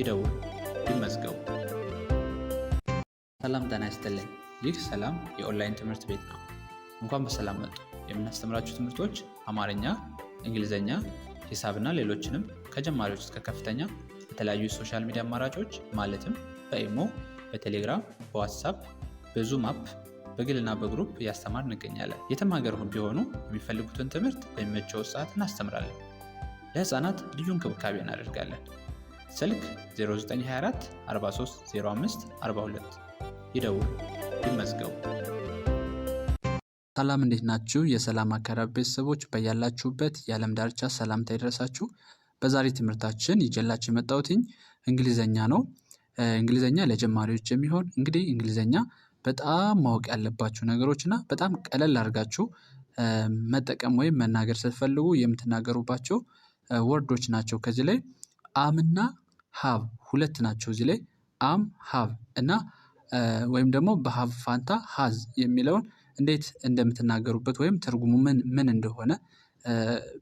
ይደውሉ፣ ይመዝገቡ። ሰላም ጤና ይስጥልኝ። ይህ ሰላም የኦንላይን ትምህርት ቤት ነው። እንኳን በሰላም መጡ። የምናስተምራችሁ ትምህርቶች አማርኛ፣ እንግሊዝኛ፣ ሂሳብና ሌሎችንም ከጀማሪዎች እስከ ከፍተኛ የተለያዩ የሶሻል ሚዲያ አማራጮች ማለትም በኢሞ፣ በቴሌግራም፣ በዋትሳፕ፣ በዙም አፕ በግልና በግሩፕ እያስተማር እንገኛለን። የትም ሀገር ቢሆኑ የሚፈልጉትን ትምህርት በሚመቸው ሰዓት እናስተምራለን። ለህፃናት ልዩ እንክብካቤ እናደርጋለን። ስልክ 0924 43 05 42 ይደውሉ፣ ይመዝገቡ። ሰላም እንዴት ናችሁ? የሰላም አካዳሚ ቤተሰቦች በያላችሁበት የዓለም ዳርቻ ሰላምታ ይደረሳችሁ። በዛሬ ትምህርታችን ይዤላችሁ የመጣሁትኝ እንግሊዘኛ ነው። እንግሊዘኛ ለጀማሪዎች የሚሆን እንግዲህ እንግሊዘኛ በጣም ማወቅ ያለባችሁ ነገሮች እና በጣም ቀለል አድርጋችሁ መጠቀም ወይም መናገር ስትፈልጉ የምትናገሩባቸው ወርዶች ናቸው። ከዚህ ላይ አምና ሃቭ ሁለት ናቸው እዚህ ላይ አም ሃቭ እና ወይም ደግሞ በሃቭ ፋንታ ሃዝ የሚለውን እንዴት እንደምትናገሩበት ወይም ትርጉሙ ምን ምን እንደሆነ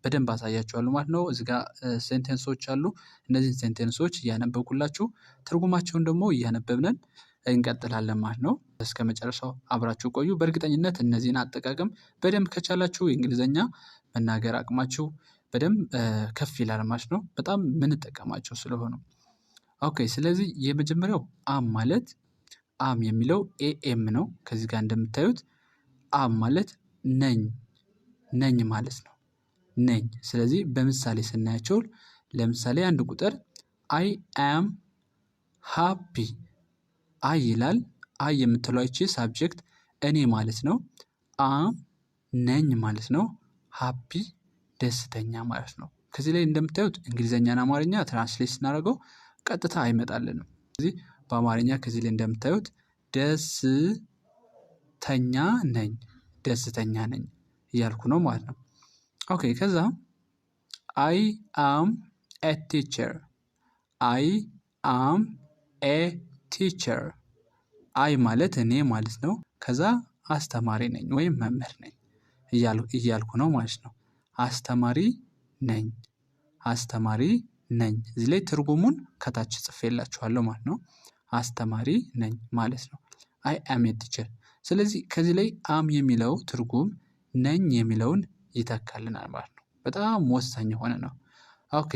በደንብ አሳያችኋለሁ ማለት ነው። እዚህ ጋር ሴንቴንሶች አሉ። እነዚህን ሴንቴንሶች እያነበብኩላችሁ ትርጉማቸውን ደግሞ እያነበብነን እንቀጥላለን ማለት ነው። እስከ መጨረሻው አብራችሁ ቆዩ። በእርግጠኝነት እነዚህን አጠቃቀም በደንብ ከቻላችሁ የእንግሊዝኛ መናገር አቅማችሁ በደንብ ከፍ ይላል ማለት ነው። በጣም ምንጠቀማቸው ስለሆኑ ኦኬ ስለዚህ የመጀመሪያው አም ማለት አም የሚለው ኤኤም ነው። ከዚህ ጋር እንደምታዩት አም ማለት ነኝ ነኝ ማለት ነው። ነኝ ስለዚህ በምሳሌ ስናያቸው ለምሳሌ አንድ ቁጥር አይ አም ሃፒ አይ ይላል። አይ የምትለው ይቺ ሳብጀክት እኔ ማለት ነው። አም ነኝ ማለት ነው። ሃፒ ደስተኛ ማለት ነው። ከዚህ ላይ እንደምታዩት እንግሊዝኛና አማርኛ ትራንስሌት ስናደርገው ቀጥታ አይመጣልንም። ስለዚህ በአማርኛ ከዚህ ላይ እንደምታዩት ደስተኛ ነኝ ደስተኛ ነኝ እያልኩ ነው ማለት ነው። ኦኬ ከዛ አይ አም ኤ ቲቸር አይ አም ኤ ቲቸር አይ ማለት እኔ ማለት ነው። ከዛ አስተማሪ ነኝ ወይም መምህር ነኝ እያልኩ ነው ማለት ነው። አስተማሪ ነኝ አስተማሪ ነኝ እዚህ ላይ ትርጉሙን ከታች ጽፌላችኋለሁ ማለት ነው። አስተማሪ ነኝ ማለት ነው። አይ አም ኤ ቲቸር። ስለዚህ ከዚህ ላይ አም የሚለው ትርጉም ነኝ የሚለውን ይተካልናል ማለት ነው። በጣም ወሳኝ የሆነ ነው። ኦኬ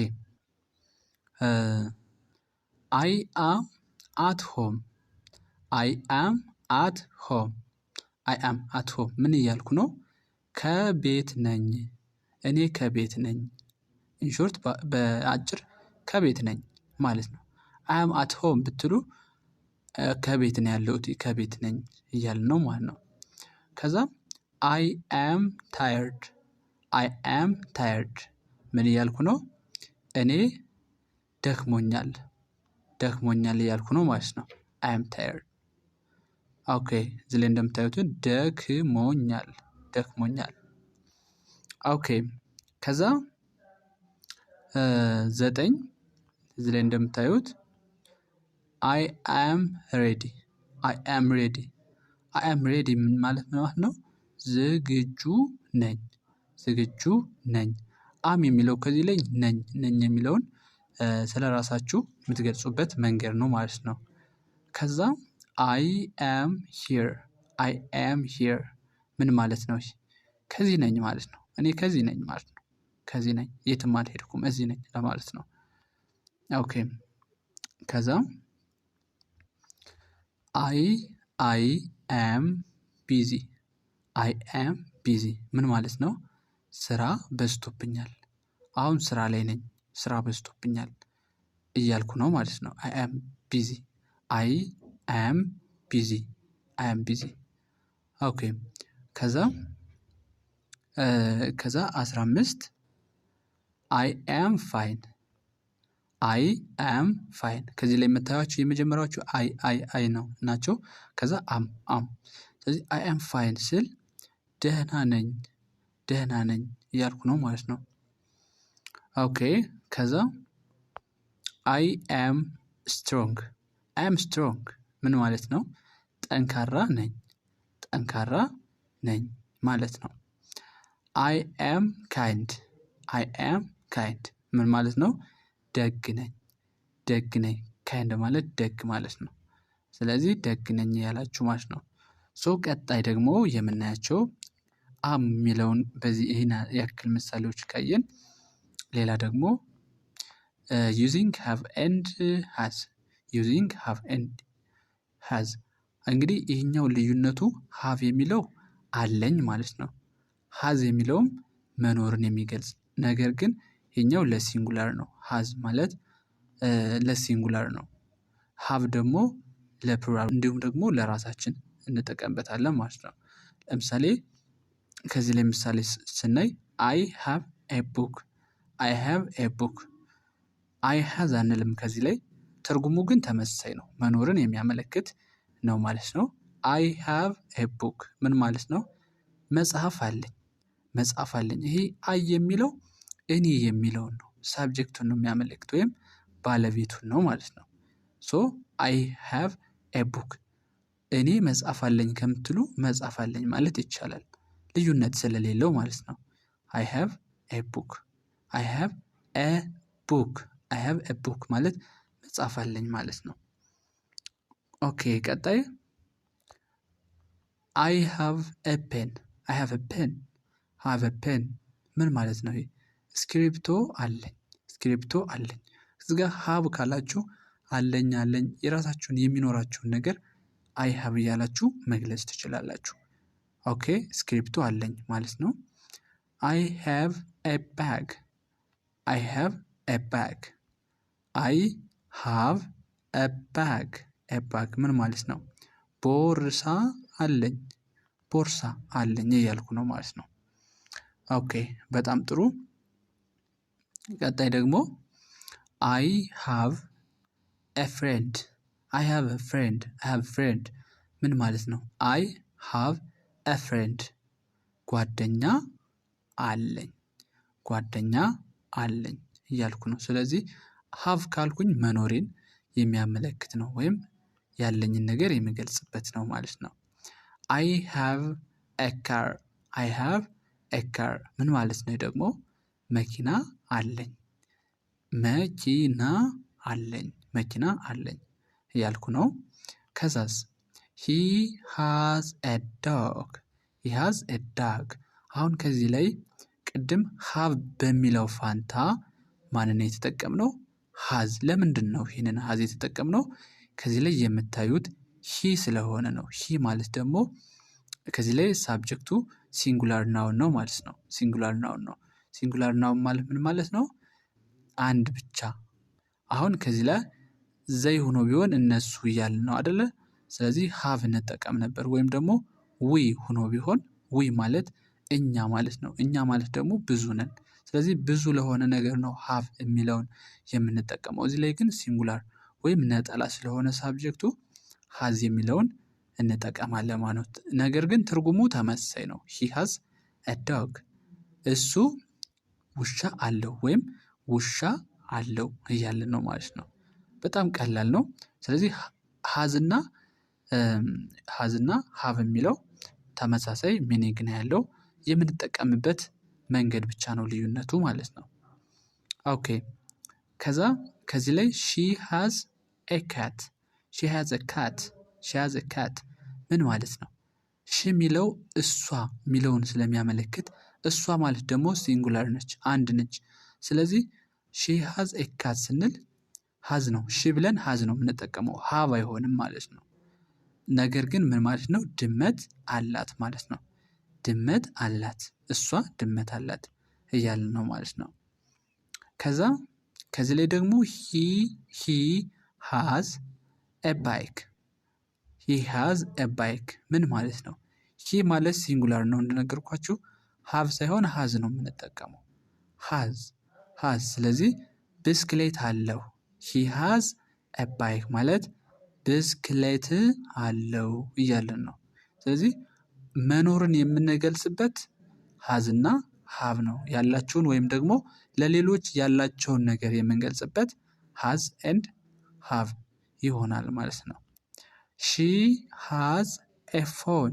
አይ አም አት ሆም አይ አም አት ሆም አይ አም አት ሆም ምን እያልኩ ነው? ከቤት ነኝ እኔ ከቤት ነኝ ኢንሾርት በአጭር ከቤት ነኝ ማለት ነው። አያም አትሆም አት ሆም ብትሉ ከቤት ነው ያለሁት ከቤት ነኝ እያል ነው ማለት ነው። ከዛ አይ ም ታየርድ አይ ኤም ታየርድ ምን እያልኩ ነው? እኔ ደክሞኛል ደክሞኛል እያልኩ ነው ማለት ነው። አይም ኤም ታየርድ ኦኬ እዚህ ላይ እንደምታዩት ደክሞኛል ደክሞኛል ኦኬ ከዛ ዘጠኝ እዚህ ላይ እንደምታዩት አይ አም ሬዲ አይ አም ሬዲ አይ አም ሬዲ ማለት ምን ማለት ነው? ዝግጁ ነኝ ዝግጁ ነኝ። አም የሚለው ከዚህ ላይ ነኝ ነኝ የሚለውን ስለ ራሳችሁ የምትገልጹበት መንገድ ነው ማለት ነው። ከዛ አይ አም ሂር አይ አም ሂር ምን ማለት ነው? ከዚህ ነኝ ማለት ነው። እኔ ከዚህ ነኝ ማለት ነው። ከዚህ ነኝ፣ የትም አልሄድኩም፣ እዚህ ነኝ ለማለት ነው። ኦኬ ከዛ አይ አይ ኤም ቢዚ አይ ኤም ቢዚ ምን ማለት ነው? ስራ በዝቶብኛል፣ አሁን ስራ ላይ ነኝ፣ ስራ በዝቶብኛል እያልኩ ነው ማለት ነው። አይ ኤም ቢዚ አይ ኤም ቢዚ አይ ኤም ቢዚ ኦኬ ከዛ ከዛ አስራ አምስት አይ ኤም ፋይን አይ አም ፋይን። ከዚህ ላይ የምታያቸው የመጀመሪያዎቹ አይ አይ አይ ነው ናቸው። ከዛ አም አም። ስለዚህ አይ አም ፋይን ስል ደህና ነኝ ደህና ነኝ እያልኩ ነው ማለት ነው። ኦኬ። ከዛ አይ አም ስትሮንግ አም ስትሮንግ ምን ማለት ነው? ጠንካራ ነኝ ጠንካራ ነኝ ማለት ነው። አይ አም ካይንድ አይ አም ካይንድ ምን ማለት ነው? ደግ ነኝ ደግ ነኝ ካይንድ ማለት ደግ ማለት ነው። ስለዚህ ደግ ነኝ ያላችሁ ማለት ነው። ሶ ቀጣይ ደግሞ የምናያቸው አም የሚለውን በዚህ ይህን ያክል ምሳሌዎች ካየን ሌላ ደግሞ ዩዚንግ ሃቭ ኤንድ ሃዝ ዩዚንግ ሃቭ ኤንድ ሃዝ እንግዲህ ይህኛው ልዩነቱ ሃቭ የሚለው አለኝ ማለት ነው። ሃዝ የሚለውም መኖርን የሚገልጽ ነገር ግን ይሄኛው ለሲንጉላር ነው። ሃዝ ማለት ለሲንጉላር ነው። ሀብ ደግሞ ለፕሉራል እንዲሁም ደግሞ ለራሳችን እንጠቀምበታለን ማለት ነው። ለምሳሌ ከዚህ ላይ ምሳሌ ስናይ አይ ሃቭ ኤ ቡክ፣ አይ ሃቭ ኤ ቡክ። አይ ሃዝ አንልም ከዚህ ላይ ትርጉሙ ግን ተመሳሳይ ነው። መኖርን የሚያመለክት ነው ማለት ነው። አይ ሃቭ ኤ ቡክ ምን ማለት ነው? መጽሐፍ አለኝ መጽሐፍ አለኝ። ይሄ አይ የሚለው እኔ የሚለውን ነው ሳብጀክቱን ነው የሚያመለክት ወይም ባለቤቱን ነው ማለት ነው። ሶ አይ ሃቭ ኤ ቡክ እኔ መጽሐፍ አለኝ ከምትሉ መጽሐፍ አለኝ ማለት ይቻላል። ልዩነት ስለሌለው ማለት ነው። አይ ሃቭ ኤ ቡክ አይ ሃቭ ኤ ቡክ አይ ሃቭ ኤ ቡክ ማለት መጽሐፍ አለኝ ማለት ነው። ኦኬ ቀጣይ አይ ሃቭ ኤ ፔን አይ ሃቭ ኤ ፔን ሃቭ ኤ ፔን ምን ማለት ነው? ይሄ እስክሪብቶ አለኝ እስክሪብቶ አለኝ እዚጋ ሀብ ካላችሁ አለኝ አለኝ የራሳችሁን የሚኖራችሁን ነገር አይ ሀብ እያላችሁ መግለጽ ትችላላችሁ። ኦኬ እስክሪብቶ አለኝ ማለት ነው። አይ ሃቭ ኤ ባግ አይ ሃቭ ኤ ባግ አይ ሃቭ ኤ ባግ ኤ ባግ ምን ማለት ነው? ቦርሳ አለኝ ቦርሳ አለኝ እያልኩ ነው ማለት ነው። ኦኬ በጣም ጥሩ ቀጣይ ደግሞ አይ ሃቭ ፍሬንድ አይ ሃቭ ፍሬንድ አይ ሃቭ ፍሬንድ ምን ማለት ነው? አይ ሃቭ ፍሬንድ ጓደኛ አለኝ ጓደኛ አለኝ እያልኩ ነው። ስለዚህ ሃቭ ካልኩኝ መኖሬን የሚያመለክት ነው ወይም ያለኝን ነገር የሚገልጽበት ነው ማለት ነው። አይ ሃቭ ኤ ካር አይ ሃቭ ኤ ካር ምን ማለት ነው ደግሞ መኪና አለኝ መኪና አለኝ መኪና አለኝ እያልኩ ነው። ከዛስ ሂ ሃዝ ኤ ዶግ ሂ ሃዝ ኤ ዶግ። አሁን ከዚህ ላይ ቅድም ሀብ በሚለው ፋንታ ማንን የተጠቀምነው? ሃዝ። ለምንድን ነው ይህንን ሀዝ የተጠቀምነው? ከዚህ ላይ የምታዩት ሂ ስለሆነ ነው። ሂ ማለት ደግሞ ከዚህ ላይ ሳብጀክቱ ሲንጉላር ናውን ነው ማለት ነው። ሲንጉላር ናውን ነው። ሲንጉላር ናውን ማለት ምን ማለት ነው? አንድ ብቻ። አሁን ከዚህ ላይ ዘይ ሆኖ ቢሆን እነሱ እያልን ነው አደለ? ስለዚህ ሀቭ እንጠቀም ነበር። ወይም ደግሞ ዊ ሆኖ ቢሆን ዊ ማለት እኛ ማለት ነው። እኛ ማለት ደግሞ ብዙ ነን። ስለዚህ ብዙ ለሆነ ነገር ነው ሀቭ የሚለውን የምንጠቀመው። እዚህ ላይ ግን ሲንጉላር ወይም ነጠላ ስለሆነ ሳብጀክቱ ሀዝ የሚለውን እንጠቀማለን ማለት። ነገር ግን ትርጉሙ ተመሳሳይ ነው። ሂ ሀዝ አ ዶግ እሱ ውሻ አለው ወይም ውሻ አለው እያለን ነው ማለት ነው። በጣም ቀላል ነው። ስለዚህ ሀዝና ሀዝና ሀብ የሚለው ተመሳሳይ ሚኒንግ ነው ያለው የምንጠቀምበት መንገድ ብቻ ነው ልዩነቱ ማለት ነው። ኦኬ ከዛ ከዚህ ላይ ሺ ሃዝ ኤ ካት ሺ ሃዝ ኤ ካት ሺ ሃዝ ኤ ካት ምን ማለት ነው? ሺ የሚለው እሷ የሚለውን ስለሚያመለክት እሷ ማለት ደግሞ ሲንጉላር ነች፣ አንድ ነች። ስለዚህ ሺ ሀዝ ኤ ካት ስንል ሀዝ ነው። ሺ ብለን ሀዝ ነው የምንጠቀመው፣ ሀብ አይሆንም ማለት ነው። ነገር ግን ምን ማለት ነው? ድመት አላት ማለት ነው። ድመት አላት፣ እሷ ድመት አላት እያልን ነው ማለት ነው። ከዛ ከዚህ ላይ ደግሞ ሂ ሂ ሃዝ ኤ ባይክ ሂ ሃዝ ኤ ባይክ ምን ማለት ነው? ሂ ማለት ሲንጉላር ነው እንደነገርኳችሁ። ሀቭ ሳይሆን ሀዝ ነው የምንጠቀመው። ሀዝ ሀዝ። ስለዚህ ብስክሌት አለው። ሂ ሀዝ ባይክ ማለት ብስክሌት አለው እያለን ነው። ስለዚህ መኖርን የምንገልጽበት ሀዝና ሀብ ነው። ያላችሁን ወይም ደግሞ ለሌሎች ያላቸውን ነገር የምንገልጽበት ሀዝ ኤንድ ሀብ ይሆናል ማለት ነው። ሺ ሀዝ ኤ ፎን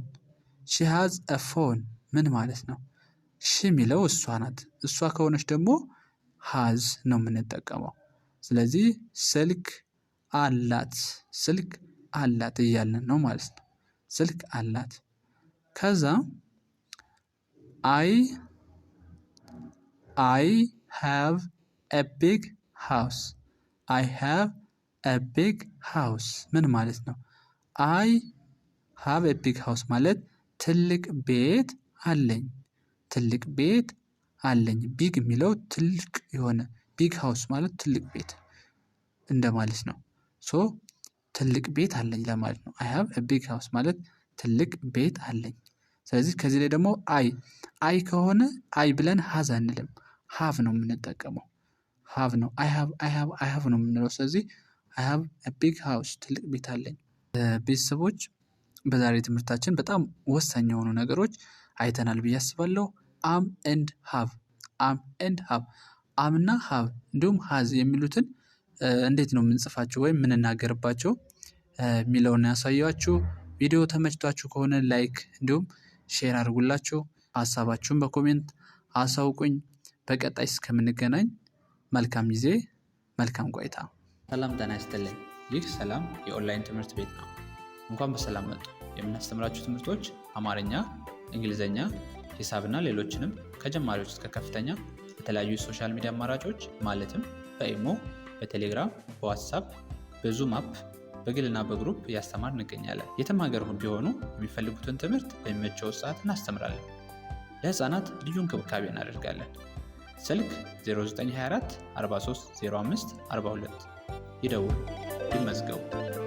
ሺ ሀዝ ኤ ፎን ምን ማለት ነው? ሺ የሚለው እሷ ናት። እሷ ከሆነች ደግሞ ሀዝ ነው የምንጠቀመው። ስለዚህ ስልክ አላት፣ ስልክ አላት እያለን ነው ማለት ነው። ስልክ አላት። ከዛ አይ አይ ሃቭ አ ቢግ ሃውስ አይ ሃቭ አ ቢግ ሃውስ ምን ማለት ነው? አይ ሃቭ አ ቢግ ሃውስ ማለት ትልቅ ቤት አለኝ። ትልቅ ቤት አለኝ። ቢግ የሚለው ትልቅ የሆነ ቢግ ሃውስ ማለት ትልቅ ቤት እንደማለት ነው። ሶ ትልቅ ቤት አለኝ ለማለት ነው። አይ ሃቭ ቢግ ሃውስ ማለት ትልቅ ቤት አለኝ። ስለዚህ ከዚህ ላይ ደግሞ አይ አይ ከሆነ አይ ብለን ሀዝ አንልም፣ ሀቭ ነው የምንጠቀመው። ሀቭ ነው አይ ሃቭ አይ ሃቭ አይ ሃቭ ነው የምንለው። ስለዚህ አይ ሃቭ ቢግ ሃውስ ትልቅ ቤት አለኝ። ቤተሰቦች በዛሬ ትምህርታችን በጣም ወሳኝ የሆኑ ነገሮች አይተናል ብዬ አስባለሁ። አም ኤንድ ሀብ አም ኤንድ ሀብ እና ሀብ እንዲሁም ሀዝ የሚሉትን እንዴት ነው የምንጽፋቸው ወይም የምንናገርባቸው የሚለውን ያሳያችሁ። ቪዲዮ ተመችቷችሁ ከሆነ ላይክ እንዲሁም ሼር አድርጉላችሁ። ሀሳባችሁን በኮሜንት አሳውቁኝ። በቀጣይ እስከምንገናኝ መልካም ጊዜ፣ መልካም ቆይታ። ሰላም ጤና ይስጥልኝ። ይህ ሰላም የኦንላይን ትምህርት ቤት ነው። እንኳን በሰላም መጡ። የምናስተምራችሁ ትምህርቶች አማርኛ፣ እንግሊዝኛ ሂሳብና ሌሎችንም ከጀማሪዎች እስከ ከፍተኛ የተለያዩ የሶሻል ሚዲያ አማራጮች ማለትም በኢሞ፣ በቴሌግራም፣ በዋትሳፕ፣ በዙም አፕ በግልና በግሩፕ እያስተማር እንገኛለን። የትም ሀገር ቢሆኑ የሚፈልጉትን ትምህርት በሚመቸው ሰዓት እናስተምራለን። ለህፃናት ልዩ እንክብካቤ እናደርጋለን። ስልክ 0924 4305 42 ይመዝገቡ።